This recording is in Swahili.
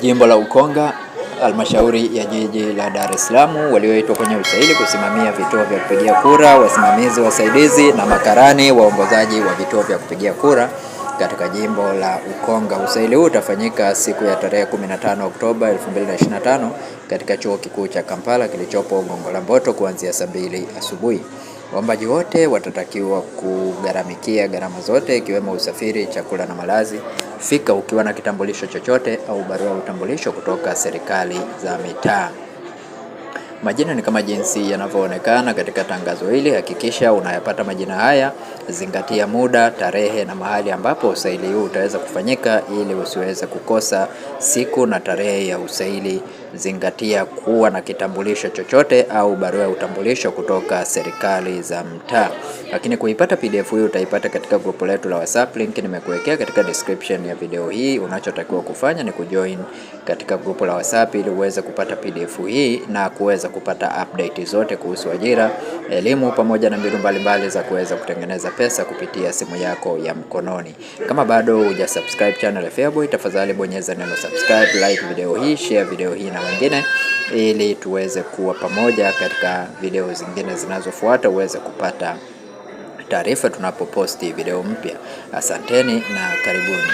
Jimbo la Ukonga, halmashauri ya jiji la Dar es Salaam walioitwa kwenye usaili kusimamia vituo vya kupigia kura, wasimamizi wasaidizi na makarani waongozaji wa vituo vya kupigia kura katika jimbo la Ukonga. Usaili huu utafanyika siku ya tarehe 15 Oktoba 2025 katika chuo kikuu cha Kampala kilichopo Gongo la Mboto kuanzia saa mbili asubuhi. Waombaji wote watatakiwa kugharamikia gharama zote ikiwemo usafiri, chakula na malazi. Fika ukiwa na kitambulisho chochote au barua ya utambulisho kutoka serikali za mitaa. Majina ni kama jinsi yanavyoonekana katika tangazo hili. Hakikisha unayapata majina haya, zingatia muda, tarehe na mahali ambapo usaili huu utaweza kufanyika ili usiweze kukosa siku na tarehe ya usaili zingatia kuwa na kitambulisho chochote au barua ya utambulisho kutoka serikali za mtaa. Lakini kuipata PDF hii utaipata katika grupu letu la WhatsApp, link nimekuwekea katika description ya video hii. Unachotakiwa kufanya ni kujoin katika grupu la WhatsApp ili uweze kupata PDF hii na kuweza kupata update zote kuhusu ajira, elimu pamoja na mbinu mbalimbali za kuweza kutengeneza pesa kupitia simu yako ya mkononi. Kama bado hujasubscribe channel ya Feaboy, tafadhali bonyeza neno subscribe, like video hii, share video hii na na wengine ili tuweze kuwa pamoja katika video zingine zinazofuata, uweze kupata taarifa tunapoposti video mpya. Asanteni na karibuni.